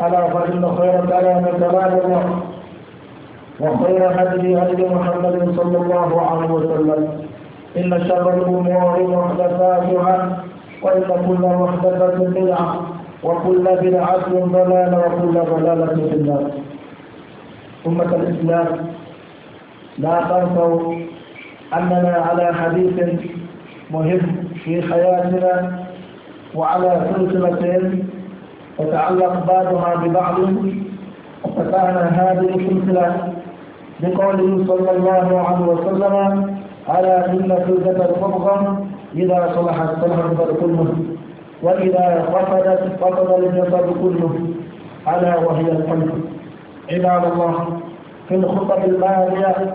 ألا فإن خير الكلام كلامه وخير هدي هدي محمد صلى الله عليه وسلم إن شر الأمور محدثاتها وإن كل محدثة بدعة وكل بدعة ضلالة وكل ضلالة في النار أمة الإسلام لا تنسوا أننا على حديث مهم في حياتنا وعلى سلسلة وتعلق بعضها ببعض وفتحنا هذه السلسلة بقوله صلى الله عليه وسلم على إن سلسلة الخبز إذا صلحت صلح البر كله وإذا فقدت فقد الجسد كله ألا وهي القلب عباد الله في الخطب الماضية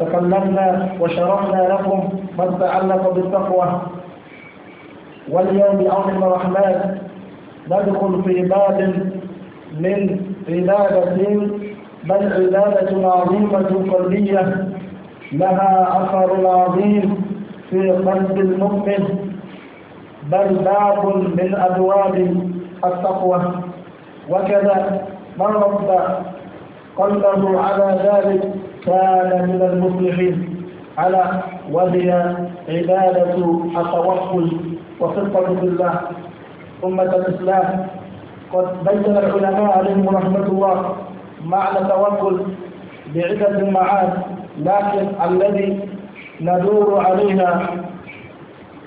تكلمنا وشرحنا لكم ما تعلق بالتقوى واليوم بأمر الرحمن ندخل في باب من عبادة بل عبادة عظيمة قلبية لها أثر عظيم في قلب المؤمن بل باب من أبواب التقوى وكذا من رب قلبه على ذلك كان من المفلحين على وهي عبادة التوكل وثقة بالله أمة الإسلام قد بين العلماء عليهم رحمة الله معنى التوكل بعدة معاد لكن الذي ندور عليها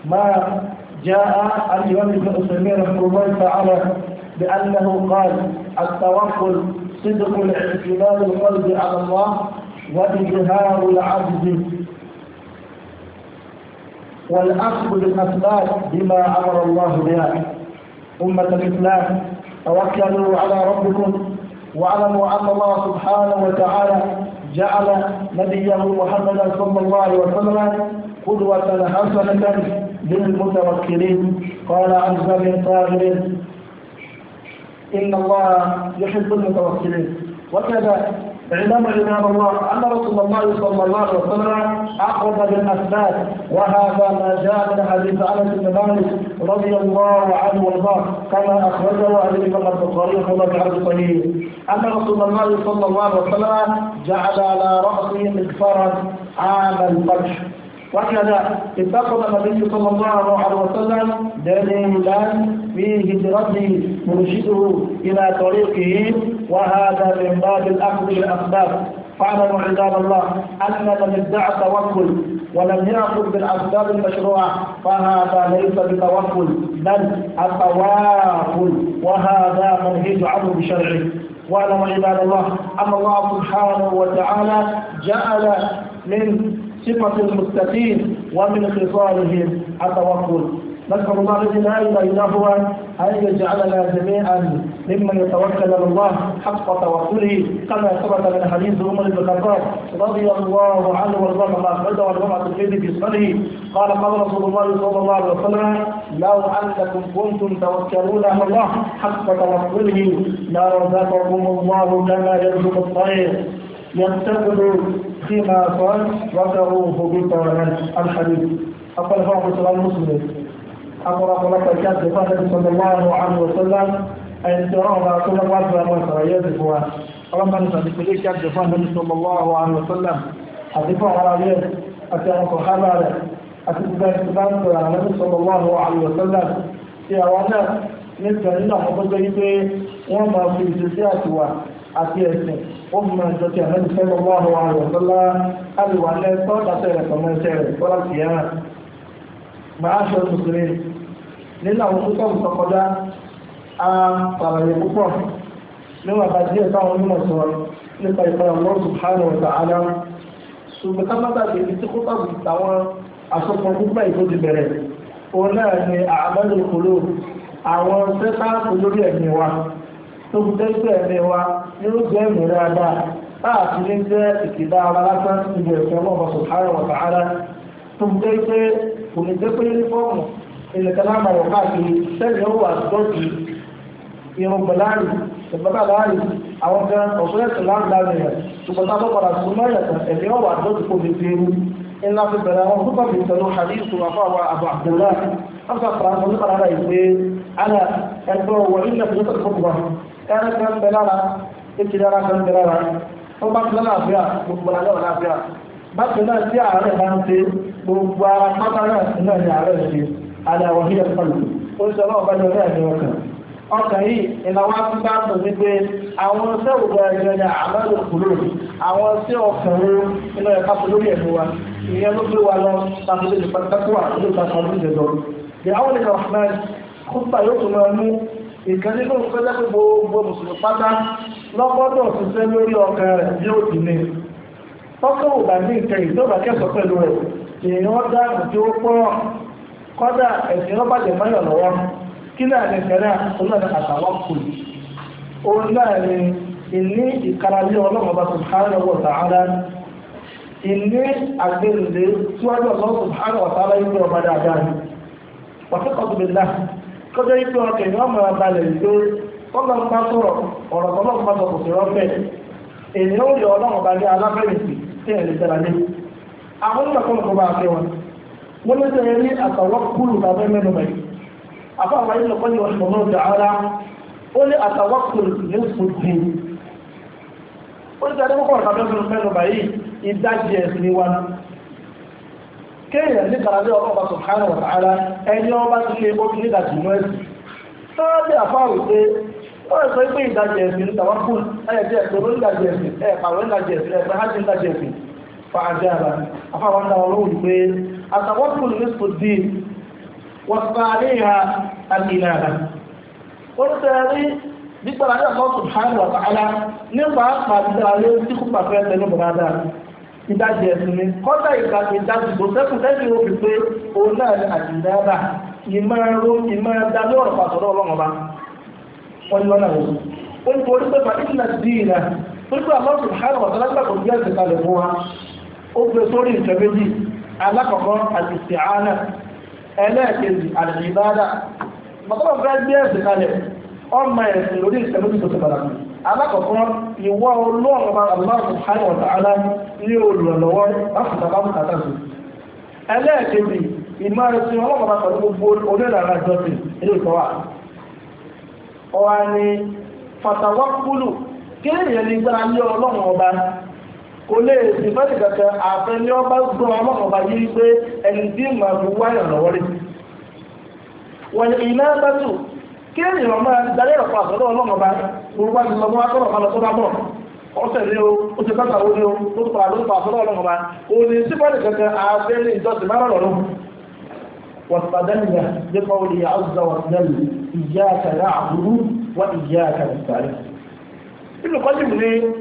ما جاء الإمام ابن تيمية رحمه الله تعالى بأنه قال التوكل صدق الاعتماد القلب على الله وإظهار العجز والأخذ بالأسباب بما أمر الله بها أمة الإسلام توكلوا على ربكم واعلموا أن الله سبحانه وتعالى جعل نبيه محمدا صلى الله عليه وسلم قدوة حسنة للمتوكلين قال عن زبي طاهر إن الله يحب المتوكلين وكذا اعلموا عباد الله ان رسول الله صلى الله عليه وسلم اخذ بالاسباب وهذا ما جاء من حديث انس بن مالك رضي الله عنه وارضاه كما اخرجه ابي بكر البخاري رحمه الله صحيح ان رسول الله صلى الله عليه وسلم جعل على راسه مغفرا عام القرش وكذا اتخذ النبي صلى الله عليه وسلم دليلا في هجرته مرشده الى طريقه وهذا من باب الأخذ بالأسباب فاعلموا عباد الله أن من ادعى التوكل ولم يأخذ بالأسباب المشروعة فهذا ليس بتوكل بل التواكل وهذا منهج عنه بشرعه واعلموا عباد الله أن الله سبحانه وتعالى جعل من صفة المتقين ومن خصالهم التوكل نسأل الله الذي لا إله إلا هو أن يجعلنا جميعا ممن يتوكل على الله حق توكله كما ثبت من حديث عمر بن الخطاب رضي الله عنه وارضاه كما اخرجه والجمعة الترمذي في سفره قال قال رسول الله صلى الله عليه وسلم لو انكم كنتم توكلون على الله حق توكله لرزقكم الله كما يرزق الطير يتخذ فيما صار وكروه بطانا الحديث أقول الله عليه وسلم amọ̀ràn ọ̀pọ̀lọpọ̀ ìṣe àti ìfọ̀ àti ìṣọ̀lọ̀ láàrin àmì òṣèlú ẹni tí ọ̀rọ̀ ọ̀la tó lọ́wọ́ àti àwọn ìṣọ̀rọ̀ yẹ́ ti fún wa ọlọ́mọdé sàbí pẹ̀lú ìṣe àti ìfọ̀ àti ìṣọ̀lọ̀ láàrin àmì òṣèlú àti fún ara rẹ̀ àti àwọn kọ̀ọ̀hánà rẹ̀ àti gbogbo ẹni tí bá ń sọ̀rọ̀ àmì ìṣọ̀lọ̀ láàrin àmì òṣèlú ti àwọn náà nítorí nínú àwọn tó jẹ́ wípé wọ́n máa fi ìṣesí àtiwà àti ẹ̀sìn ó fi máa jọ ti àmì ìṣọ̀lọ̀ láàrin àmì òṣèlú àti wà lẹ́ẹ̀tọ́ màáṣọ mùsùlùmí nínú àwọn púpọ̀ ìtọ́kọjá a pàrọ̀yẹ̀ púpọ̀ níwọ̀n bá díẹ̀ táwọn onímọ̀ sọ̀rọ̀ nípa ìpàdé Allah subhanahu wa ta'ala ṣùgbọ́n ká má dàbí ibi tí kúpọ̀ àwọn àsopọ̀ púpọ̀ ìtọ́jú bẹ̀rẹ̀ òun náà ni àbálò kòló àwọn sẹ́tà olórí ẹ̀mí wa tó fi tẹ́sí ẹ̀mí wa yóò jẹ́ ìmúra dáa láàfin ní jẹ́ ìkìlá ara lásán ìbẹ̀rẹ̀ fẹ́ kò ní jẹ́ pé yunifọ́ọ̀mù ìnìkan náà máa wọ̀ káàkiri sẹ́yìn ó wà sọ́ọ̀tì irun gbọ̀láàrì ìgbọ́kàláàrì àwọn kan ọ̀sọ́rẹ́sì láńdáàrì rẹ̀ ṣùgbọ́n tá a lọ́kọ̀ọ́ra súnmọ́ ẹ̀yẹ̀kan ẹ̀mí ó wà sọ́ọ̀tì kò ní fi irú ńlá fi bẹ̀rẹ̀ àwọn púpọ̀ fi tẹ̀lé hadith wà àwọn àbọ̀ àbdùlá ọ̀sà faransé ní parada ìpè ala ẹgbẹ́ wọ ilẹ̀ tó tẹ̀lé fún wa kan bẹ̀ lára ètì lára kan bẹ̀ lára ó bá ti lọ́nà àbíà gbogbo gbogbo amábára náà ní ààrẹ ṣe aláwọ̀ hílẹ̀ pẹ̀lú ó sọ náà bá lórí àmì ọkàn ọkàn yìí ìnáwó ti bá mọ̀ pé àwọn iṣẹ́ òwò ẹ̀rọ ni àmọ́lò kúrò àwọn iṣẹ́ ọkàn wo iná ẹ̀ka lórí ẹ̀mí wa ìyẹn ló gbé wa lọ lè the of yóò èèyàn dáàbò tí ó pọ̀ kọ́dà ẹ̀sìn ló bàjẹ́ mọ́yọ̀ lọ́wọ́ kí náà ní ìfẹ́rẹ́ ọlọ́ọ̀ni àtàwọn kù yìí òun náà ni ìní ìkaralé ọlọ́mọba subhanahu wa ta'ala ìní àgbèrèlé tíwájú ọlọ́mọ subhanahu wa ta'ala yìí ọba dáadáa ni wàtúkọ̀tù bìlá kọjá yìí pé ọkẹ̀ ni wọ́n mọ̀ abalẹ̀ ìgbé ọlọ́mọba sọ̀rọ̀ ọ̀rọ̀ ọlọ́mọba sọ̀rọ̀ èèyàn ó yọ ọlọ́mọba ní alábẹ́rẹ̀ sí àwọn olùkọ́ lọ́kọ́ bá a fẹ́ wọn wọ́n ló tẹ̀lé ní àtàwákùlù tàbí mẹ́nu bẹ̀rẹ̀ àfọ àwọn ayé lọ́kọ́ ní ọ̀sán náà dà ara ó ní àtàwákùlù ní sùdì ó ní tẹ̀lé kọ́kọ́ tàbí mẹ́nu bẹ̀rẹ̀ ìdájì ẹ̀sìn wa kéèyàn ní kàràdé ọkọ̀ bá sọ̀kánà wà tààrà ẹni ọba ti lé ó ti ní ìdájì mọ́ ẹ̀sìn sáábì àfáàrù pé ó rẹ̀ sọ pé ìdájì ẹ̀sìn ní tàwákùlù ẹ̀yẹ̀ fàájára afáwọn náà wọ́n wù pé àtàwọ́pù lẹ́sọ̀ dì wọ́n bá aléha àmìlára ó ń tẹ̀lé nígbàlá ní àwọn subhanahu wa ta'ala nípa pàdédà lé tí kò pàfẹ́ tẹnu bàbá ìdájì ẹ̀sìn ni kọ́tà ìgbà ìdájì tó sẹ́kù lẹ́yìn òfin pé òun náà ní àdìdára ìmọ̀ ẹ̀rọ ìmọ̀ ẹ̀dá ní ọ̀rọ̀ pàtó ọlọ́run ọba wọn ni wọn ó ń borí pé fàdí ìlànà dì í náà pípé ó gbé sórí nǹkan méjì alákọ̀ọ́kọ́ àti ìsìnkánà ẹlẹ́ẹ̀kejì àti ìbáadà mọ̀tọ́lọ̀ fẹ́ gbé ẹ̀sìn kalẹ̀ ọmọ ẹ̀sìn lórí nǹkan méjì tó ti alákọ̀ọ́kọ́ ìwọ olóòrùn ọlọ́run kò lè sì fẹ́ẹ̀lì kankan àfẹ́ ní ọba gbọ́n ọlọ́mọba yìí pé ẹni tí mà á wá ìrànlọ́wọ́ rẹ̀. wọ́n iná bá tù kí èèyàn máa darí ẹ̀kọ́ àtọ́lọ́ ọlọ́mọba gbogbo àti lọ́mọ akọ́rọ̀ kan lọ sọ́dá bọ̀ ọ̀sẹ̀ ni o ó ti kọ́ta owó ni o ó ti pàdé pa àtọ́lọ́ ọlọ́mọba kò lè sí fẹ́ẹ̀lì kankan àfẹ́ ní ìjọsìn má واستدل بقوله عز وجل إياك نعبد وإياك نستعين. ابن القيم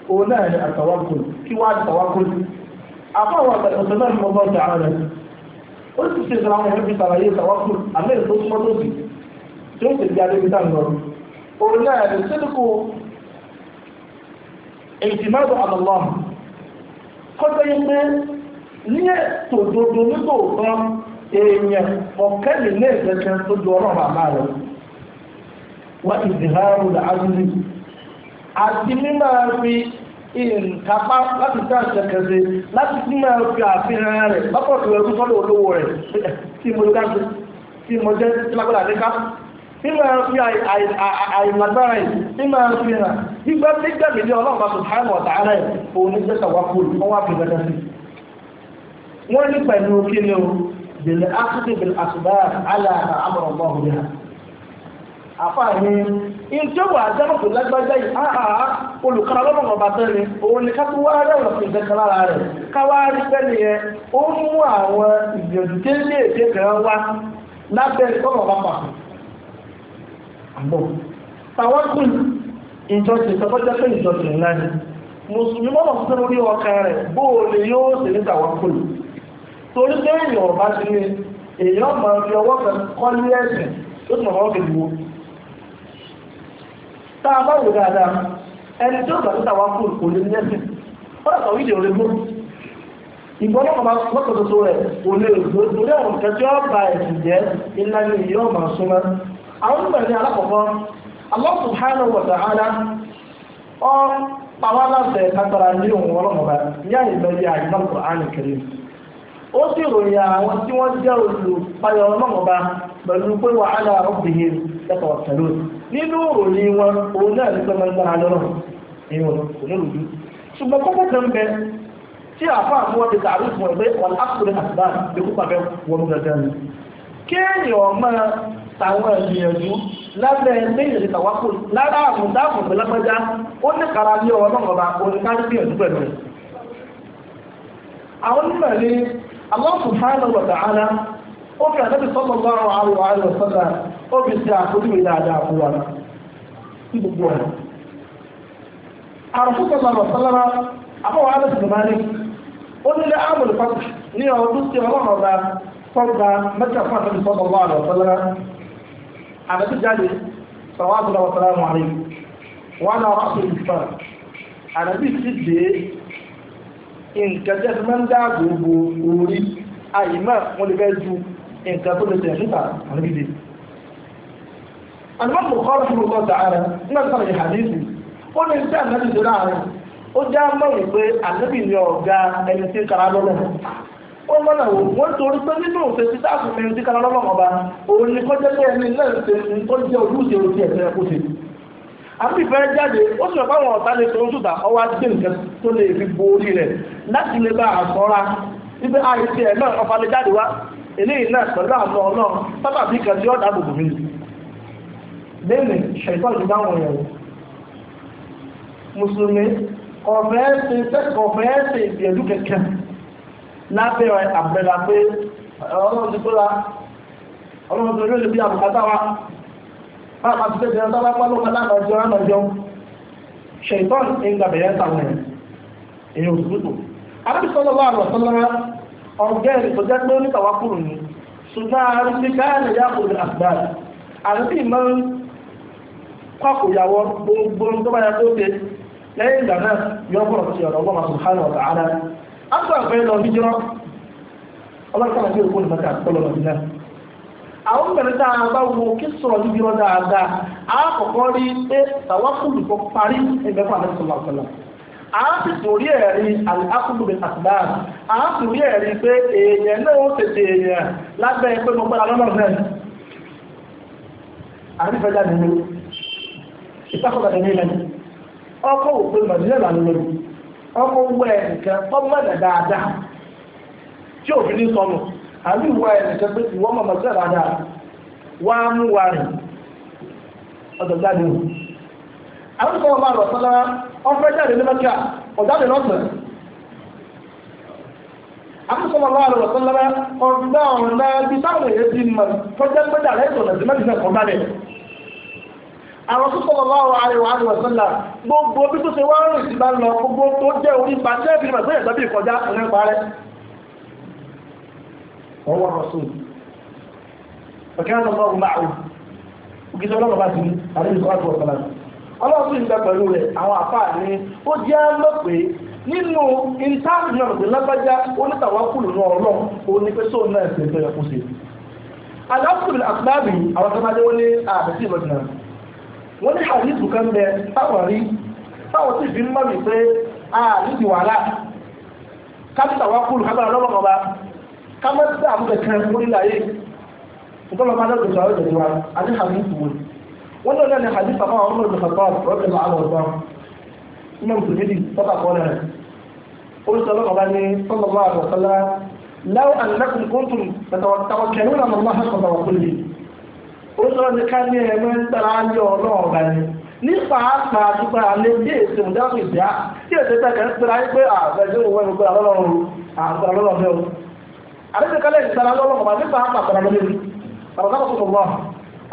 òun náà ni àtàwákùn kí wọ́n á tàwákùn. àbáwọn àgbàdo náà ni mo bá ọjà rẹ̀ ó sì ṣe ìṣẹ̀lẹ̀ àwọn èèyàn fi ṣàlàyé tàwákùn àmẹ́rin tó súnmọ́ tó sì tí ó sì di adébí ìkápá láti dá àṣẹ kẹsẹ láti tún máa fi àfihàn rẹ̀ lọ́pọ̀lọpọ̀ ẹrú sọ́dọ̀ olówó rẹ̀ tí mo dá sí tí mo jẹ́ tí lágbàdà dé ká tí máa fi àìlágbára yìí tí máa fi hàn gbígbà gbígbà mi ní ọlọ́pàá subhanahu wa ta'ala yìí òun ní jẹ́ tawakkul wọ́n wá fi gbẹ́dẹ́ sí. wọ́n ní pẹ̀lú kí ni o bẹ̀rẹ̀ ákúndé bẹ̀rẹ̀ àṣùbá àlà àmọ̀ràn bọ́ọ̀ ìjọ wà jábọ̀tò lágbájá yìí áhà ah, ah, ah, olùkọ́ra lọ́mọ ọba tẹ́ ni òun ni ká wá rẹ̀ ọ̀rọ̀ fìdí kan lára rẹ̀ káwá rí pẹ́ni yẹn ó mú àwọn ìgbìyànjú déédéé kan wá lábẹ́ ìtọ́nà pápá ìjọ sọ fọ́jọ́ pé ìjọ ni mùsùlùmí mọ́mọ́ orí ọkàn rẹ̀ yóò ọba ti ní èèyàn tá a bá wò dáadáa ẹni tí ó gbà tó tàwa kúrò kò ní ẹsìn wọ́n àtàwọn ìdè òde gbó ìbọn lọ́kọ̀tọ̀tọ̀ rẹ̀ kò lè gbó torí àwọn nǹkan tí bá ẹ̀sìn jẹ́ ńlá ní ìyá ọmọ súnmọ́ àwọn nígbà ní alákọ̀ọ́kọ́ Allah subhanahu wa ta'ala ọ pàwọn aláṣẹ agbára ní òun ọlọ́mọba ní àyè kò ó sì ròyìn àwọn tí nínú òròyìn wọn òun náà ní sọmọ ìgbára lọ́rọ̀ ìwọ̀n onírúurú ṣùgbọ́n kókó kan bẹ tí àfa àti wọn ti tààrí fún ẹgbẹ́ wọn ákùnrin àtìbá ní kópa bẹ wọn gẹ́gẹ́ ni kéèyàn máa tàwọn ìgbìyànjú lábẹ́ ẹgbẹ́ ìrìn tàwákò lára àwọn dáàbò pẹ̀lẹ́pẹ́já ó ní kara ní ọ̀rọ̀ náà ọba oníkárí gbìyànjú pẹ̀lú àwọn onímọ̀ ní Allah subhanahu wa ta'ala ó fi ànábì sọ́mọ̀ lọ́rọ̀ àwọn àrẹ ọ̀sọ́dà ó fi ṣe àkójúwe dáadáa fún wa sí gbogbo ọ̀nà. àrùn sọ́mọ̀ lọ́rọ̀ sọ́lára àbọ̀ wàhálà sì máa ní ó nílé àmọ̀lù pàtó ní ọdún tí ọlọ́run ọba kọ́ńdà mẹ́ta fún ànábì sọ́mọ̀ lọ́rọ̀ sọ́lára ànábì jáde sọ̀wọ́dúnrà wọ́sàlámù àrí wọ́n náà rọ́pù ìfà ànábì sì dé nǹkan jẹ́ fún mẹ́ńdà gbogbo orí àyè náà wọ́n lè fẹ́ ju nǹkan tó lè tẹ̀ níta àrídì. àdìmọ́ kò kọ́ lọ́sùn lọ́wọ́ tààrà nígbà tó lè hàdíìsì ó ní sí ànábì tó láàrin ó já mọ́rin pé ànábì ni ọ̀gá ẹni tí ń kara lọ́lọ́ ó mọ́nà wò wọ́n torí pé nínú òfin ti dáàbò mi ti kara lọ́lọ́ ọba òun ni kọjá pé ẹni náà ń tó jẹ́ ojúṣe ojú ẹ̀sẹ̀ àbí ìfẹ́ jáde ó sì ọ̀tá eléyìí náà pẹ̀lú àwọn ọlọ́run sábà bí kan tí ó dáàbò bò mí lẹ́nu ṣẹ̀tọ́ ìdá wọn yẹn o mùsùlùmí kọ̀fẹ́ẹ́sì kọ̀fẹ́ẹ́sì ìgbìyànjú kẹ̀kẹ́ lábẹ́ àbẹ̀là pé ọlọ́run ti tó la ọlọ́run tó lórí bí àbùkátà wa pàápàá ti tẹ̀sí ẹ̀ńtà lápá ló kọ́lá náà jọ náà jọ ṣẹ̀tọ́ ìgbàbẹ̀yẹ sàwọn èèyàn òṣùpùtù arábìsọ́lọ́wọ́ àrùn ọ̀sán lọ́wọ́ ọ̀gẹ́rì tó jẹ́ pé oníkàwá kúrò ní ṣùgbọ́n àrùn ti káyà lè yá kò lè àgbàrà àrùn sì máa ń kọ́kù ìyàwó gbogbo tó bá yà tó ṣe lẹ́yìn ìgbà náà yọ bọ̀rọ̀ sí ọ̀rọ̀ ọgbọ́n subhanahu wa ta'ala afọ àgbẹ̀ lọ hijrọ́ ọlọ́kàn àti òkú nìkan kan kọ́ lọ́nà náà àwọn bẹ̀rẹ̀ tá a bá wo kí sọ̀rọ̀ hijrọ́ dáadáa àkọ́kọ́ rí pé tàwákùnrin kan parí ẹgbẹ́ fún àdéhùn sọ̀rọ̀ a sì torí ẹ̀rí alákùnrin àtìláà a sì ẹ̀rí pé èèyàn náà tètè èèyàn lábẹ́ pé mo gbára lọ́nà náà àrífẹ́jà nínú nílẹ̀ ọkọ̀ ọkọ̀ ọmọ dáadáa tí òfin ní sọnù àbí ìwọ pé ìwọ ọmọ dáadáa wá mú wa rìn jáde àwọn máa lọ sọ́lá ọfẹ́ jáde ní mẹ́kíà ọ̀jáde lọ́sẹ̀. akọ́sọ́mọ́ lọ́wọ́ àlọ́ ọ̀sán lára ọ̀gbẹ́ ọ̀nà ibi táwọn èèyàn ti mọ̀ fọ́jẹ́ pé dàrẹ́ ìtọ̀nà sí mẹ́kíà kan bá dẹ̀. àwọn akọ́sọ́mọ́ lọ́wọ́ àlọ́ ọ̀sán lára gbogbo bí tó ṣe wá rìn sí bá lọ gbogbo tó jẹ́ orí ipa jẹ́ ìbí màgbé ẹ̀dá bí ìkọjá ọ̀nà ìpa rẹ̀. ọwọ́ rọ̀sùn ọ̀kẹ́ ọlọ́run ń bẹ pẹ̀lú rẹ̀ àwọn àfáà ní ó jẹ́ mọ̀ pé nínú intanet náà lọ́pẹ́ lágbájá onítàwákùlù náà ọlọ́run ó ní pé sóun náà ṣe fẹ́rẹ̀ kó ṣe. alákùnrin àgbàbí àwọn sọ́mọdé wọn ní àbẹ̀tí ìbọ̀dìnà wọ́n ní àdìsù kan bẹ táwọn rí táwọn sì fi ń mọ̀ mí pé àdìsù wàhálà kápítàwákùlù kápẹ́rẹ́ lọ́wọ́ kọba kámẹ́tà àmúkẹ̀kẹ́ orílẹ̀ ayé ìtọ́lọ́mọdé wọ́n lọ́dọ̀ ní hadith àbá àwọn ọmọ ìdọ̀kọ̀tọ̀ rọ́bì máa lọ sọ iná mùsùlùmí sọ́kà kọ́ náà ó sọ lọ́kọ̀ bá ní sọ́kọ̀ bá àbọ̀ sọ́lá láwọn àlùkùn kóńtùn tàwọn kẹ̀lú náà mọ̀ máa sọ̀tọ̀ wà kúlì ó sọ ní ká ní ẹ̀mẹ́ ń tara ń yọ ọlọ́run bá ní ní pàápàá àtúgbà alẹ́ bí èsì ìdáhùn ìdá tí èsì tẹ̀kẹ́ ń tara pé àbẹ̀jọ́ ìwọ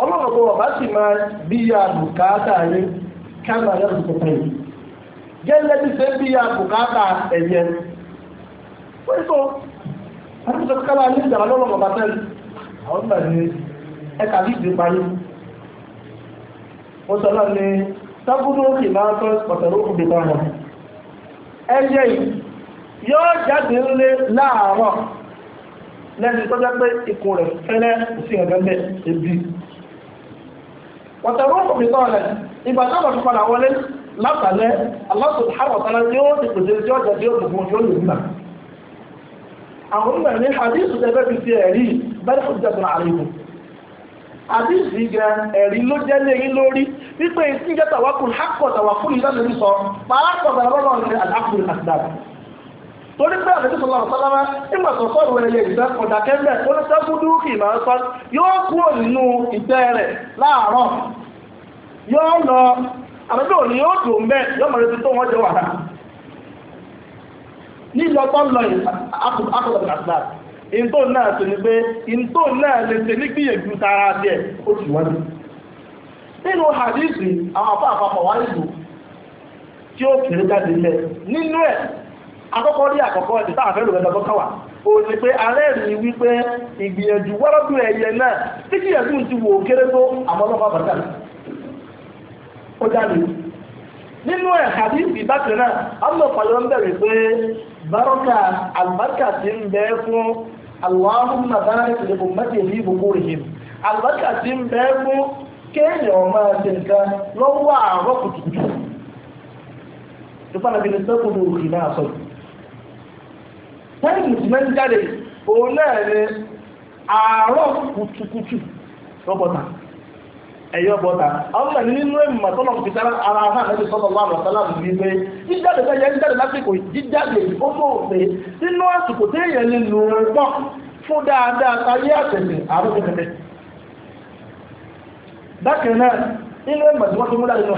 ọlọ́run tó ọba sì máa bí ya bùkátà gẹ́lẹ́ bí ṣe bí ya bùkátà ẹ̀yẹ. wọ́n sọ àti sọ ní ìjà ọlọ́run tẹ́lẹ̀ àwọn ọmọ ẹ̀ bí ìdí parí. wọ́n sọ náà ní sábúrú òkè máa tọ́ òkè ẹ̀yẹ yóò jáde ńlẹ̀ láàárọ̀ lẹ́yìn tó jẹ́ pé ikùn rẹ̀ sí ebi. wọ̀tẹ̀rún kò fi sọ̀rọ̀ ìgbà náà lọ́dún padà wọlé látàlẹ́ aláṣọ̀tún àwọ̀tálá tí ó ti pèsè tí ọjà tí ó gbogbo yóò lè nígbà. àwọn onímọ̀ ní hadith tẹ́fẹ́ fi ti ẹ̀rí bẹ́ẹ̀ fún jẹ́ tọ́lá àríwó. hadith gan ẹ̀rí ló jẹ́ lẹ́yìn lórí wípé ìsìnjẹ́ tàwákùn hákọ̀ tàwákùn ìlànà pàápàá tàwákùn torí pé àti sísọ lọ́wọ́ nígbà tó sọ́ọ̀rù rẹ̀ yẹ ìgbẹ́ ọ̀dàkẹ́ mẹ́ ó ní sẹ́kù dúkì máa sọ yóò kúrò nínú ìgbẹ́ rẹ̀ láàárọ̀ yóò lọ àbẹ́bí òní yóò dùn mẹ́ yóò mọ̀ tó wọ́n jẹ wàrà nílọ tó lọ akọ̀dọ̀ tí ó jáde nínú akọ́kọ́ rí àkọ́kọ́ ẹ̀sìn taa afẹ́rù rẹ̀ lọ́gbọ́n kọ́wà ó ní pé arẹ́rìí wípé ìgbìyànjú wọ́rọ́dù ẹ̀yẹ náà tí gbìyànjú ti wò kéré tó àwọn ọlọ́pàá bàtà ó jáde nínú ẹ̀ hadithi bákan náà àwọn ọ̀pọ̀lọ́ ń bẹ̀rẹ̀ pé baraka ti ń bẹ fún allahumma barik li tẹ́lẹ̀ mùsùlùmí ń jáde òun náà ni àárọ̀ kùtùkùtù lọ́bọ̀tà ẹ̀yọ́ ọmọ nínú ìmọ̀ tọ́lọ̀ fi ara hàn lẹ́bi sọ́dọ̀ wà lọ́sọ́lá mi wí pé jíjáde fẹ́ yẹn lásìkò jíjáde nínú àsìkò lò ó pọ̀ fún dáadáa àárọ̀ bákan náà nínú tí wọ́n ti múlá nínú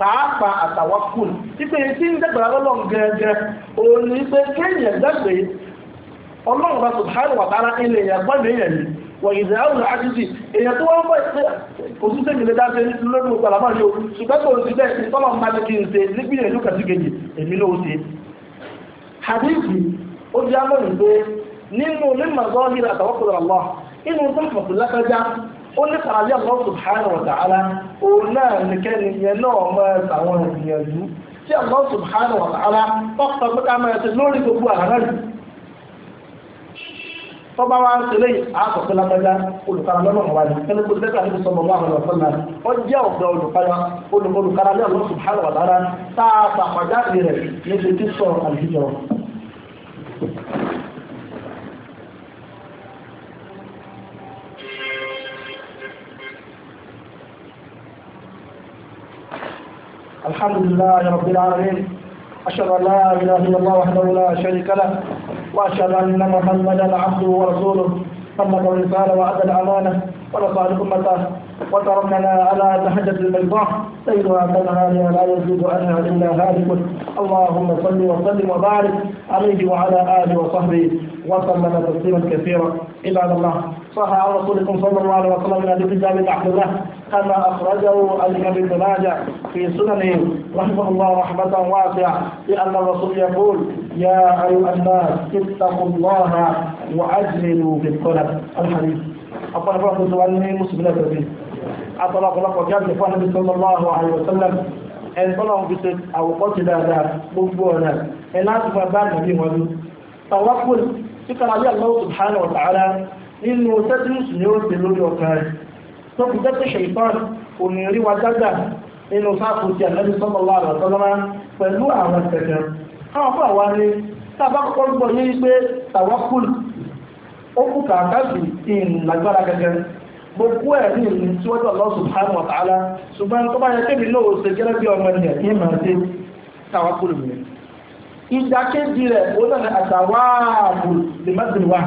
pàápàá àtàwọn fún ipe tí ń dẹ́gbẹ̀rẹ́ ọlọ́run gẹ́gẹ́ òun ni pé kéèyàn dẹ́gbẹ̀ ọlọ́run bá subhanahu wa ta'ala ilẹ̀ èèyàn gbọ́n ya yẹn ni wọ̀ ìdè àwọn àṣìṣì èèyàn tó wọ́n bọ̀ ìpè òtún tẹ̀mí lè dáṣe lórí gbogbo àlámọ́ ni ṣùgbọ́n bẹ́ẹ̀ tọ́lọ̀ máa ní kí n ṣe èmi ló ṣe. ó di amóhùn pé nínú mímọ̀ inú tó fọ̀tún lápẹ́já ó ní sàlàyé Allah subhanahu wa ta'ala òun náà nìkẹ́ni yẹn náà máa ṣàwọn ìgbìyànjú tí Allah subhanahu wa ta'ala tọ́kọ̀ pé ká máa ṣe lórí gbogbo àárẹ̀ yìí tọ́ba wa ń ṣẹlẹ̀ yìí àkọ́kọ́ lágbájá olùkara lọ́nà wa ni ẹni tó dẹ́ka ní sọ̀rọ̀ bá àwọn ọ̀sán ó jẹ́ ọ̀gá olùkara olùkara ní àwọn subhanahu wa ta'ala tá ní ti sọ̀rọ̀ àlùjọ. الحمد لله رب العالمين أشهد أن لا إله إلا الله وحده لا شريك له وأشهد أن محمدا عبده ورسوله بلغ الرسالة وأدى الأمانة ونصح أمته وتركنا على تهجد البيضاء سيدها هذه لا يزيد عنها إلا هالك اللهم صل وسلم وبارك عليه وعلى آله وصحبه وسلم تسليما كثيرا الى الله صح عن رسولكم صلى الله عليه وسلم من حديث جابر بن عبد الله كما أخرجه الإمام ابن ماجه في سننه رحمه الله رحمة واسعة لأن الرسول يقول يا أيها الناس اتقوا الله وأجملوا بالقلب الحديث أقول لكم سؤالني مسلم لا تزيد أطلق لك وكان النبي صلى الله عليه وسلم أن tọ́lọ́run fi أو àwòkọ́ ti dáadáa gbogbo ọ̀nà ẹ̀ láti máa bá àgbàbí wọn kíkàrà bí Allah subhanahu wa ta'ala nínú tẹ́tí mùsùlùmí ó ti lórí ọkàn rẹ̀ tó fi jẹ́ pé ṣèyítán kò ní rí wa dágbà nínú sáàpù ti ànábi sọ́mọlá àlọ́sọ́lọ́mà pẹ̀lú àwọn kẹ̀kẹ́ káwọn fún àwa ni tá a bá kọ́kọ́ gbọ́ yé pé tawakkul ó kú kàkàbì ìnlágbára kẹ̀kẹ́ gbogbo ìdákéjì rẹ̀ ó náà ní àtàwáàbù lè má dùn wá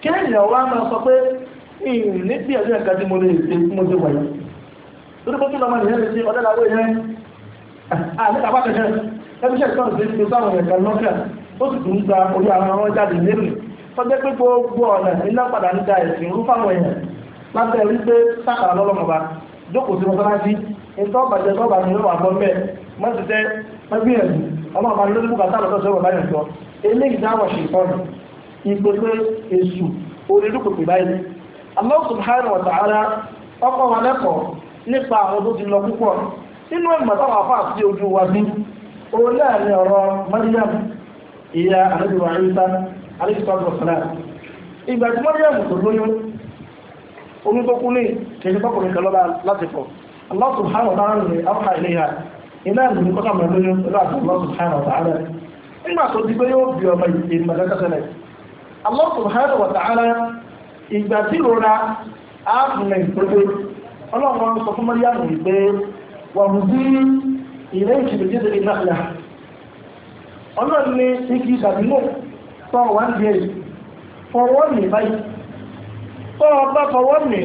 kéèyàn wá máa sọ pé ìrìn ní bí ẹ̀dùn ẹ̀ka tí mo lè ṣe tí mo ti wà yìí lórí bó tún lọ́mọ nìyẹn lè ṣe ọ̀dọ́ làwọ̀ yẹn àti àbákẹ́kẹ́ ẹbí iṣẹ́ ìtọ́nù sí ti sáwọn ẹ̀ka lọ́kẹ́ ó sì tún gba orí àwọn ọmọ jáde nínú tọ́jẹ́ pé gbogbo ọ̀nà iná padà ń da ẹ̀sìn rú fáwọn èèyàn lábẹ́ wípé sákàrà lọ́lọ́mọba jókòó sí mọ́sálásí ìtọ́ bàjẹ́ tọ́ bàjẹ́ lọ́wọ́ àbọ̀ mẹ́ẹ̀ mọ́sítẹ́ mẹ́gbìyànjú ọlọ́run bá lórí bùkátà lọ́tọ̀ sọ̀rọ̀ báyìí sọ eléyìí dáwọ̀ ṣe ìtọ́nù ìpèpè èṣù onídùkùnkùn báyìí Allah subhanahu wa ta'ala ọkọ̀ wa lẹ́kọ̀ọ́ nípa àwọn tó ti lọ púpọ̀ nínú ìgbà táwọn afá àti ojú wa bí òun náà ni ọ̀rọ̀ Maryam ìyá àlejò àyíká àlejò sọ́dọ̀ ìgbà tí Maryam kò lóyún omi tó kú ní kejì tọkùnrin kan lọ́ba láti fọ̀ Allah subhanahu wa ta'ala ni afá ìléyà iná ìlú ní kọ́kọ́ mẹ́rin lóyún pẹ̀lú àtàlọ́ subhanahu nígbà tó di yóò bí ọmọ ìpè mọ̀lẹ́kẹ́ sẹlẹ̀ Allah subhanahu ìgbà tí ìrora ààfin ìpèlè na sọ fún mọ́ríyàmù ìpè wàhùdí ilé ìṣèlú ìnáfíà ọlọ́run ní igi ìdàbínú tọ́ wá ń na fọwọ́ ní báyìí tọ́ ọba fọwọ́ ní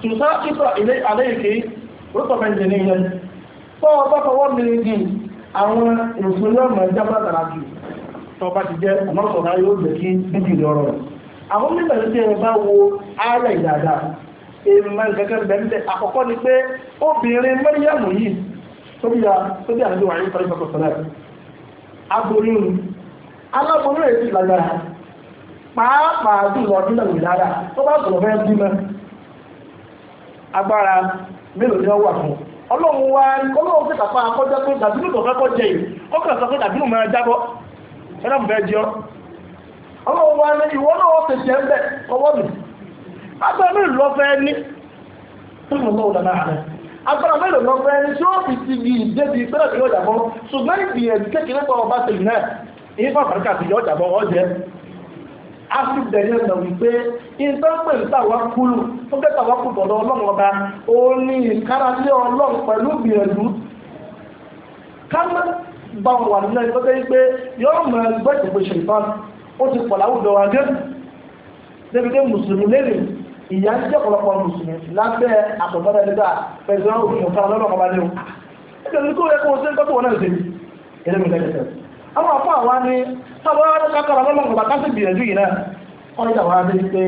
tùsá ìtọ̀ ilé àlẹ́ ìké rúkọ̀ mẹ́jẹ̀ ní tó o bá fọwọ́ bèrè jì àwọn èso yóò mọ̀ ẹja bá tàrà jù tó o bá ti jẹ́ ọmọ sọ̀rọ̀ yóò jẹ́ kí níbi ìdọ̀rọ̀ àwọn nígbà tí ẹ bá wo ààrẹ ìdàdà èèmọ̀ gẹ́gẹ́ bẹ́ẹ̀ àkọ́kọ́ ni pé obìnrin mẹ́rìyàmù yìí tó bí ya tó bí àdúgbò àyè pẹ̀lú pẹ̀lú sọ̀rọ̀ aboyún aláboyún èsì lágbára pàápàá jùlọ nílẹ̀ ìdára tó bá sọ̀rọ̀ fẹ́ bímọ agbára mélòó ni wọ́n wà fún ọlọ́run wa ọlọ́run fẹ́ tàpá akọ́jọ́ pé dàbínú tó fẹ́ kọ́ jẹ yìí ọkàn sọ pé dàbínú jábọ́ ọlọ́run wa ní náà jẹ́ ń bẹ̀ ọwọ́ mi agbára lọ fẹ́ ní agbára lọ fẹ́ ní tí ó fi ti di ìdébi tí ó asif dẹ̀yẹ́ ọ̀nà wípé ìtọ́pẹ̀ ìtàwá kúlù tó kẹta wá kúlù tọ̀dọ̀ ọlọ́run ọba ó ní ìkáralé ọlọ́run pẹ̀lú gbìyànjú kámá bá wọn wà nínú ẹni tó tẹ́ pé yóò mọ ẹgbẹ́ ìpè ṣèǹtàn ó ti pọ̀ láwùjọ wa gẹ́ débi pé mùsùlùmí lérè ìyá ń jẹ́ ọ̀pọ̀lọpọ̀ mùsùlùmí lábẹ́ àtọ̀tọ̀rẹ́ nígbà pẹ̀lú òfin ọ̀kan ọlọ́run ọba ní o àwọn afọ àwọn ni sábà kákàrà lọ́nà ọ̀gbà ká sì gbìyànjú yìí náà wọ́n ní àwọn adé pé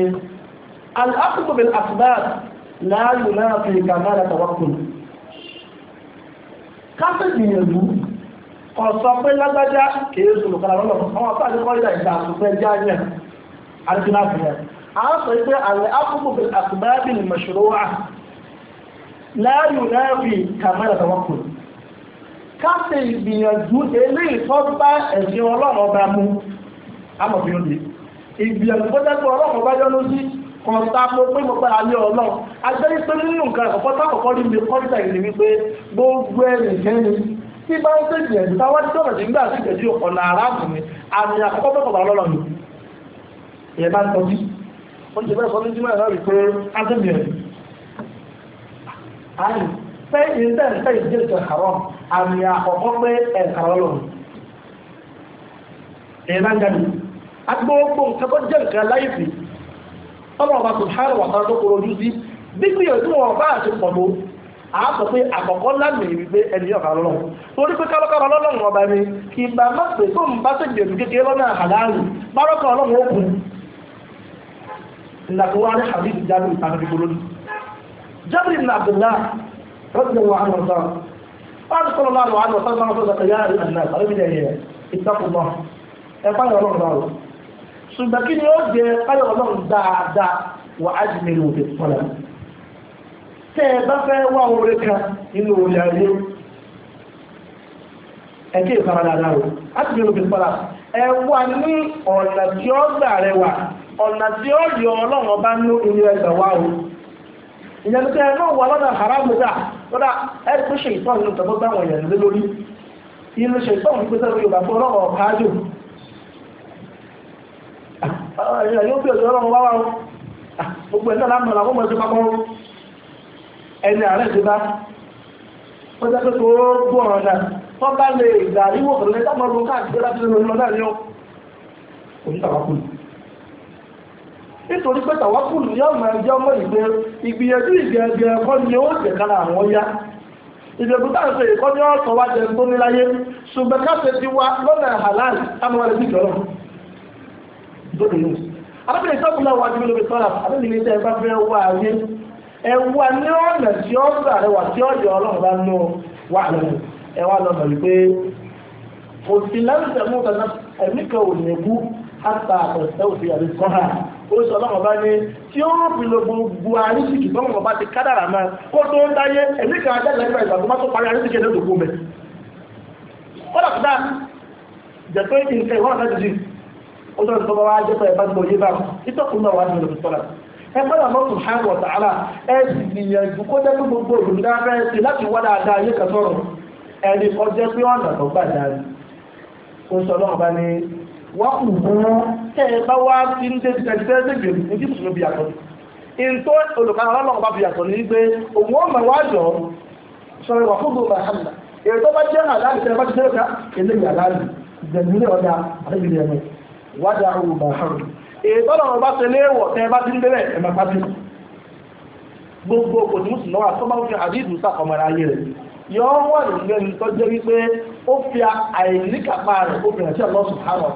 al-aqdu bil asbab la yunafi kamal tawakkul ká sì gbìyànjú ọ̀sọ̀ pé lágbájá kìí sọ̀rọ̀ kọ́ra lọ́nà àwọn afọ àti kọ́lá ìta àtúnfẹ́ jáyẹ̀ àdúgbò àfihàn àwọn sọ pé al-aqdu bil asbab al-mashru'a la yunafi kamal tawakkul káṣe ìgbìyànjú eléyìí tó bá ẹ̀sìn ọlọ́run ọba mu amọ̀bí ó lè ìgbìyànjú tó dẹ́kun ọlọ́run ọba yọ́nú sí kọ̀ǹta mo pé mo gbára lé ọlọ́run agbẹ́rí pé nínú nǹkan àkọ́kọ́ tákọ̀kọ́ ní mi kọ́ńtà ìlú wípé gbogbo ẹnìkẹ́ni tí bá ń ṣe ìgbìyànjú táwọn tí sí gbà sí ìgbìyànjú ọ̀nà aráàbù mi àmì àkọ́kọ́ tó kọ̀ọ̀bà ọlọ́run mi ìyẹn bá ń tọ́jú ó ń bẹ́ẹ̀ sọ ní jimá ìlú wípé á pé ìṣe ìṣe ìdí haram àmì àkọ́kọ́ pé ẹ̀ka ọlọ́run gani nǹkan tó jẹ́ nǹkan tó hàn wà tó sí wọn bá àti pọ̀ tó a sọ pé àkọ́kọ́ lánàá ìwé pé ẹni ọ̀kà lọ́lọ́run torí pé kábọ́kábọ́ lọ́lọ́run ọba ni kì í bá má رضي الله عنه وارضاه قال صلى الله عليه وسلم صدق يا ايها الناس على من اتقوا الله ẹ̀fáyà ọlọ́run náà lọ ṣùgbọ́n kí ni ó jẹ ẹ̀fáyà ọlọ́run dáadáa wà á jù mí o ìyẹn ẹ náà wà lọ́nà kódà ẹ̀rí tó ṣe ìtọ́ nínú tọ́gbọ́n táwọn èèyàn lé lórí inú ṣe ìtọ́ ní pẹ́sẹ́ Yorùbá fún ọlọ́wọ́ kájò èèyàn yóò bí ọ̀dọ́ ọlọ́run wá wá o gbogbo ẹ̀ náà lámọ̀ làwọn ọmọ ẹ̀ṣẹ̀ pápọ̀ ẹni àárẹ̀ ti bá ó jẹ́ pé o gbọ́ ọ̀rọ̀ náà wọ́n bá lè gbà níwò kọ̀ọ̀lẹ́ táwọn ọlọ́run káàkiri láti lè lọ náà ní ọ́ nítorí pé tàwákù ní ọmọ ẹgbẹ́ ọmọ ìgbé ìgbìyànjú ìgbẹ̀ẹ̀gbẹ̀ ẹ̀kọ́ ni ó jẹ̀ kára àwọn yá ìdẹ̀kùn táà ṣe ìkọ́ ní ọ̀sọ̀ wá jẹ tó ní láyé ṣùgbọ́n káṣe ti wá lọ́nà halal táwọn ẹbí jọ̀rọ̀ lóde tó sọ́ra tẹ́ ẹ bá fẹ́ wá ayé ní ọ̀nà tí ó gbà tí ó yọ ọlọ́run bá nú wà àtà àtọ̀tẹ́ òfin àbí kọ́ra ó sọ ọlọ́run bá ní tí ó rọ̀ pìlò gbogbo àrísìkì tó wọn bá ti kádàrà máa kó tó ń dáyé ẹ̀mí kan ajá lẹ́gbẹ̀ẹ́ ìgbà tó má tó parí àrísìkì ẹ̀dẹ́ òdòdó mẹ́. ó lọ kúta jẹ̀pẹ́ nǹkan ìwọ́n àti jì ó sọ ìtọ́ wa jẹ́ pé ẹ̀bá gbọ́ yé bá ìtọ́kùn náà wà ní ìlú sọ́la ẹ gbọ́dọ̀ mọ́ sùn hàn wọ̀tà àlà ẹ sì gbìyànjú kó jẹ́ pé gbogbo òdòdó dáadáa ẹ sì láti wá dáadáa ayé kan ẹni kọjá pé ọ̀nà tó gbà dáa ó sọ ọlọ́run bá ní Wa kù bá wá sí ní ní kí mùsùlùmí yàtọ̀ bá fi yàtọ̀ ní pé òun wa jọ sọ̀rọ̀ wà fún gbogbo àhàlà èyí tó bá jẹ́ àdáàlì tẹ́lẹ̀ bá ti tẹ́lẹ̀ ká eléyìí àdáàlì ìgbẹ̀mí ní ọjà àdébìlì ẹ̀mẹ́ wájà òun bá hàn èyí tó lọ́run bá tẹ́lẹ̀ wọ̀ tẹ́ bá ti ń bẹ̀rẹ̀ ẹ̀mẹ́ gbogbo òkòtì mùsùlùmí tó bá ń fi yọ wà lẹ́nu tọ́jọ́ wípé ó fi àìníkàpá rẹ̀ obìnrin tí Allah subhanahu wa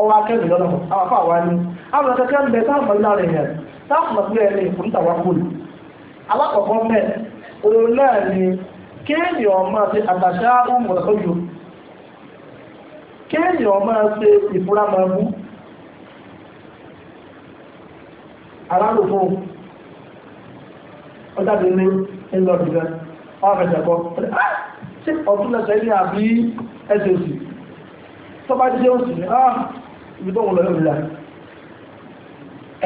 ọwọ́ akẹ́mi lọ́nà àwọn afọ ni àwọn akẹ́kẹ́ ń bẹ táwọn ọ̀la rẹ̀ yẹn táwọn ọ̀la rẹ̀ ní alákọ̀ọ́kọ́ mẹ́ náà ni àtàṣà ìfúra máa bú wọ́n fẹ̀sẹ̀ kọ́ ah! ṣe ọ̀tún lẹ́sẹ̀ ní àbí ẹsẹ̀ òsì tó bá jẹ́ òsì ní ah ibi tó ń lọ yóò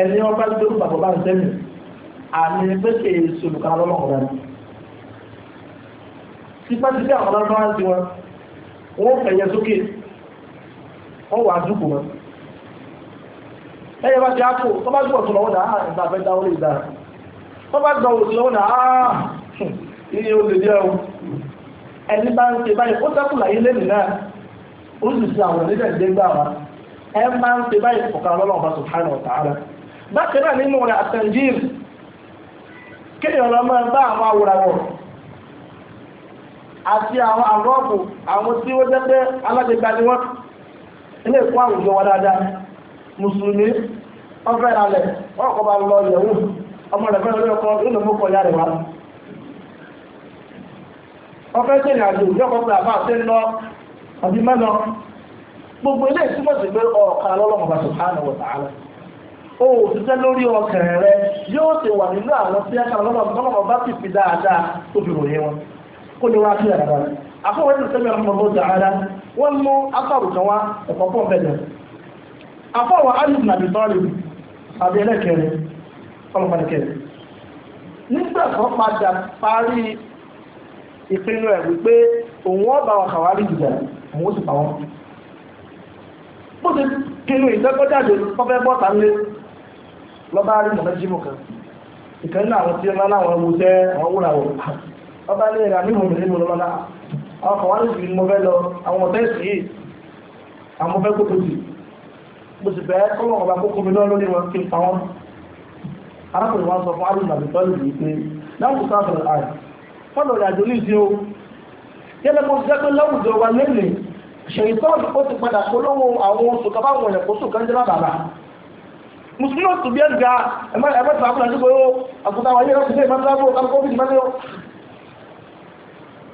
ẹni wọn bá gbé bàbá bá ń sẹ́yìn àmì pẹ́kẹ́ sọ̀lùkà lọ́lọ́kọ̀ọ́ rẹ̀ tipátipé àwọn lọ́lọ́wọ́ sí wọn wọ́n fẹ̀yẹ sókè wọ́n wà dúkù wọn ẹ̀yẹ bá ti á kó tó bá gbọ̀ tó lọ́wọ́ náà àti ah! ìgbà fẹ́ dáwọ́ lè dáa tó bá gbọ̀ òsì ìyẹ olè díẹ̀ o ẹni bá ń ṣe báyìí ó sẹ́kù láyé lẹ́nu náà ó sì ṣe àwọn onídẹ̀ẹ́dẹ́gbà wa ẹ máa ń ṣe báyìí ọ̀kan ọlọ́run ọba subhanahu wa ta'ala bákan náà nínú rẹ̀ àtẹ̀jìr kéèyàn lọ máa bá àwọn àti àwọn àrọ́ọ̀bù àwọn tí wọ́n ni wọ́n ilé ìkó àwùjọ wa dáadáa mùsùlùmí ọ̀fẹ́ ralẹ̀ ọ̀kọ̀ bá lọ yẹ̀wò ọmọ rẹ̀ ọfẹ́ tẹ̀lé àjò ìjọba pé àbá àti lọ àbí gbogbo ilé ìtumọ̀ sí pé ọ̀ọ̀kan lọ́lọ́mọ bá o ò ṣiṣẹ́ lórí ọkàn rẹ yóò wà nínú àwọn tí ẹ̀ka bá sì fi dáadáa tó fi ròyìn wọn kó ní sẹ́mi ọmọ bó mú kan wá ẹ̀kọ́ pọ̀ bẹ̀rẹ̀ alif tọ́lì àbí ìpinnu ẹ̀ wípé òun ọba wa kàwárí jùlọ òun ó sì pa wọn. bó ti pinnu ìtẹ́kọ́jáde kọ́fẹ́ bọ́ta ńlé lọ́ba rí mọ̀lẹ́jìmù kan ìkan nínú àwọn tí wọ́n láwọn ọmọ jẹ́ àwọn wúra wọ̀ ọba ní ẹ̀rọ àmìhùn mi nínú lọ́la àwọn kàwárí jù ni mo fẹ́ lọ àwọn ọ̀tẹ́ sì yìí àwọn mo fẹ́ kó tó jù mo sì fẹ́ kọ́lọ̀ ọba kókó mi lọ́ lórí wọn kí n pa arákùnrin wọn sọ fún alùpùpù tọ́lù yìí pé láwùjọ sáà fọ́nà ìrìnàjò ní ìsìn o yẹ́lẹ́ mo jẹ́ pé láwùjọ wa lẹ́nìí ṣèyítọ́ọ̀nù ó ti padà polówó àwọn oṣù kan báwọn ẹ̀kọ́ oṣù kan jẹ́ bàbà mùsùlùmí oṣù bí ẹ̀ga ẹ̀mẹ́ta abúlé àdúgbò yóò àkútà wáyé ẹ̀rọ sílẹ̀ ìmọ̀tò àbúrò kan kó bìtì mẹ́lẹ́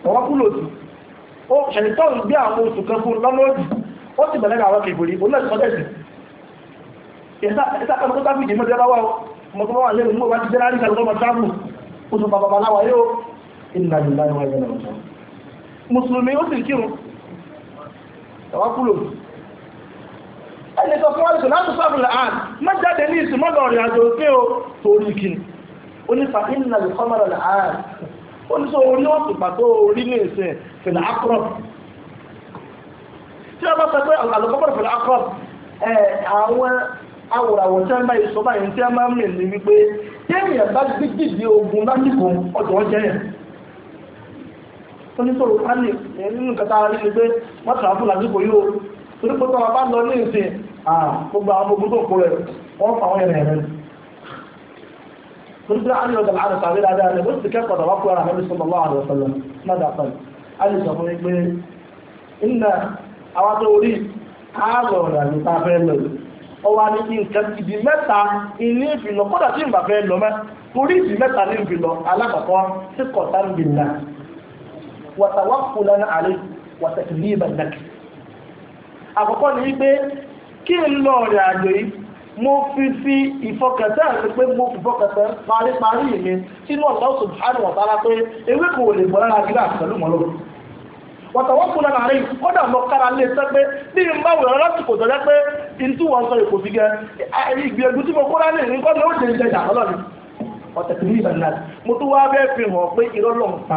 ọ̀wọ́n kú lòdì ó ṣèyítọ́ọ̀nù bí àwọn oṣù kan fún lọ́lọ́dì ó sì bẹ̀rẹ̀ àwọn kèbèrè onílẹ̀-èdè ìsá kan tó tábìlì mọ́tò ẹ̀rọ wà mọ́tò wà lẹ́nu mú wa ti jẹ́ ìlànà ìlànà ìwà ìlànà ọ̀sán mùsùlùmí ó sì ń kírun ẹ̀wá ẹni sọ fún wáṣọ láti sáfìlà àn má jáde ní ìsìn mọ́lọ ọ̀rìn àjò òfin o torí kí ni ó ní fa ìlànà ìkọ́mọ́lọ̀ là àn ó ní sọ orí pàtó orí ní ìsìn fìlà tí bá sọ pé fìlà àwọn tí sọ báyìí tí oníṣòro ká lè nínú kẹta rí ni pé wọ́n tà á fún lásìkò yìí o torí pé tọ́wọ́ bá lọ ní ìsìn gbogbo àwọn gbogbo tó kó rẹ̀ wọ́n fà wọ́n yẹn rẹ̀ torí pé àlè ọ̀dà àrùn sàrí dáadáa rẹ̀ bó ti kẹ́kọ̀ọ́ tàbá kó ara rẹ̀ sọ́mọ́ lọ́wọ́ àrùn sọ́lọ́ náà dàpọ̀ àlè sọ fún mi pé ìnà àwọn tó rí àárọ̀ ọ̀rọ̀ àmì tá fẹ́ lọ ọwọ́ ní nǹkan ìdí mẹ́ta ilé ìfìlọ kódà tí ìgbà fẹ́ lọ mẹ́ torí ìdí mẹ́ta ní ìfìlọ alákọ̀ọ́kọ́ sí kọ̀tà ń bìnnà wàtàwàfùlànà àlè wàtàkìlì ìbàdàkì. àkọ́kọ́ ni wípé kí n lọ rìn àjò yìí mo fi fi ifo àti pé mo fi fọkàntán paríparí mi sínú Allah subhanahu wa ta'ala pé ewé kò lè bọ́ lára gíga pẹ̀lú mọ́lọ́rùn wọ̀tọ̀wọ́kùn náà rí kọ́dà mọ́ kára lè sẹ́ pé bí n bá wòrán lásìkò tọ́jẹ́ pé ìtú wọn sọ èkó gẹ tí mo kó lálẹ́ ní ó jẹ́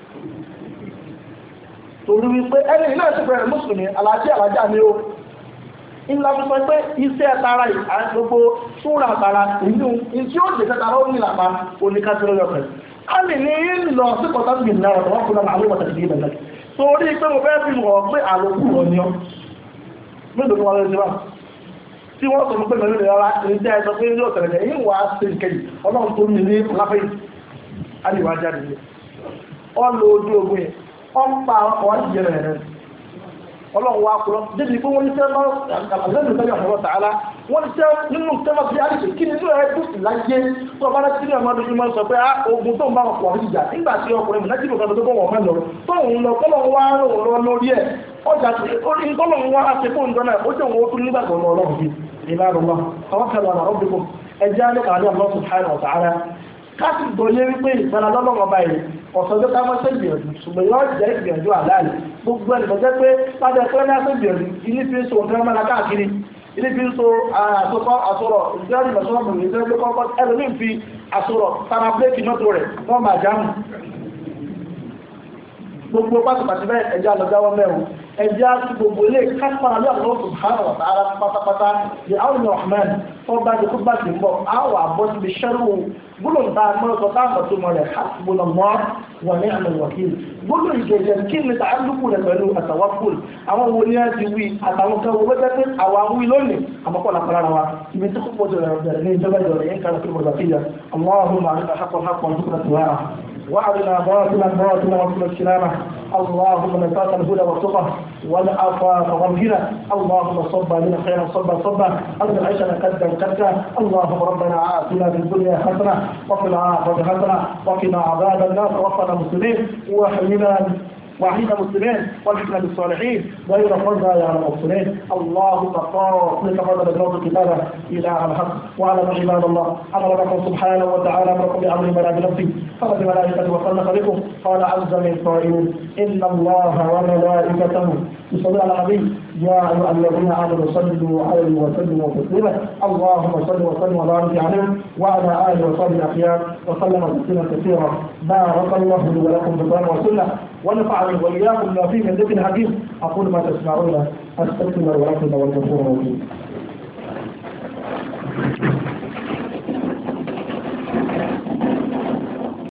torí wípé ẹni ilé ẹ̀sìn bẹ̀rẹ̀ mùsùlùmí alájí alájá ni ó ńlá fi sọ pé iṣẹ́ tara gbogbo súnra tara ìlú tí ó jẹ́ tara ó ní ìlàpá oníkásílẹ̀ lọ́pẹ̀ a lè ní lọ sí kọta sí ìlànà ọ̀rọ̀ wọn kúrò àwọn ìwọ̀tà ìdílé bẹ̀rẹ̀ torí pé mo fẹ́ fi hàn pé àlòkù rọ̀ ni ọ́ mélòó ni wọ́n lè ṣe bá tí wọ́n sọ pé mẹ́rin rárá ní tẹ́ ẹ sọ pé yóò tẹ̀lé ẹ̀yìn wà á ṣe ìkẹyì ọlọ́run tó ní ní láfẹ́yì á lè wá jáde ogun yẹn ọ̀pá ọ̀wá ti yẹrẹ rẹ ọlọ́run wa kúrọ́ débi pé wọ́n ní bá àlẹ́nu sẹ́yìn ọ̀sán ọ̀tà ala wọ́n ní nínú sẹ́fà sí àdìsí kí nínú ẹ̀ tó sì láyé tó ọba láti ní ọmọdé yìí máa sọ pé ah, ogun tó ń bá ìjà nígbà tí ọkùnrin mìíràn tó mẹ́ lọ tó ń lọ kọ́ lọ́n wá lórí ẹ̀ ọ̀sọ̀jọ́ ká mọ́ sẹ́gbìyànjú ṣùgbọ́n yóò jẹ́ ìgbìyànjú àláàlì gbogbo ẹnìkan jẹ́ pé lájẹ́ pé ní aṣègbìyànjú ilé fi ń so nǹkan mọ́ra káàkiri ilé fi ń so àsopọ̀ àsọ̀rọ̀ ìṣẹ́jú ìṣọ́rọ̀ mọ̀lẹ́ ìṣẹ́jú kọ́kọ́ ẹlòmíì fi àsọ̀rọ̀ tara bírèkì mọ́tò rẹ̀ wọ́n máa jáàmù gbogbo pátápátá bẹ́ẹ̀ ẹja lọ jáwọ́ mẹ́rin ẹ̀jẹ̀ àti gbogbo ilé kápá alẹ́ àwọn ọ̀sùn hàrà wà tààrà pátápátá di àwọn ọ̀hún ọba ní kúbà sí bọ̀ àwọn àbọ̀ ti ṣẹ́rù gbọ́dọ̀ ta mọ́tò táàmù tó mọ̀ rẹ̀ hasbuna mọ́ wà ní àmì wàkìl gbọ́dọ̀ ìgbẹ̀jẹ̀ kí ni tàà lùkù rẹ̀ pẹ̀lú àtàwákùl àwọn wo ni wọ́n ti wí àtàwọn kan wọ́n jẹ́ pé àwọn awí lónìí àmọ́kọ́ làpàlà rẹ̀ wa ibi tí kò pọ̀ jọ̀rọ̀ rẹ̀ ní ìjọba jọ̀rọ̀ yẹn kan kí mo lọ وارنا باطلا باطلا وارزقنا اجتنابه اللهم نساك الهدى والتقى والافاق والغنى اللهم صب علينا خيرا صبا صبا ارنا عيشنا قدا قدا اللهم ربنا عافنا في الدنيا حسنه وفي الاخره حسنه وقنا عذاب النار ربنا مسلمين واحمنا وعيد مسلمين والحكمة بالصالحين غير فضل يا المسلمين الله تقاف لتفضل بجوز كتابه إله الحق وعلى عباد الله أمر لكم سبحانه وتعالى أمركم بأمر بلا نفسي قال الملائكة وصلنا خلقه قال عز من قائل إن الله وملائكته على العظيم يا أيها الذين آمنوا صلوا عليه وسلموا تسليما اللهم صل وسلم وبارك عليه وعلى آله وصحبه الأخيار وسلم تسليما كثيرا بارك الله لي ولكم في القرآن والسنة ونفعني وإياكم بما فيه من ذكر حكيم أقول ما تسمعون أستغفر ولكم والغفور الرحيم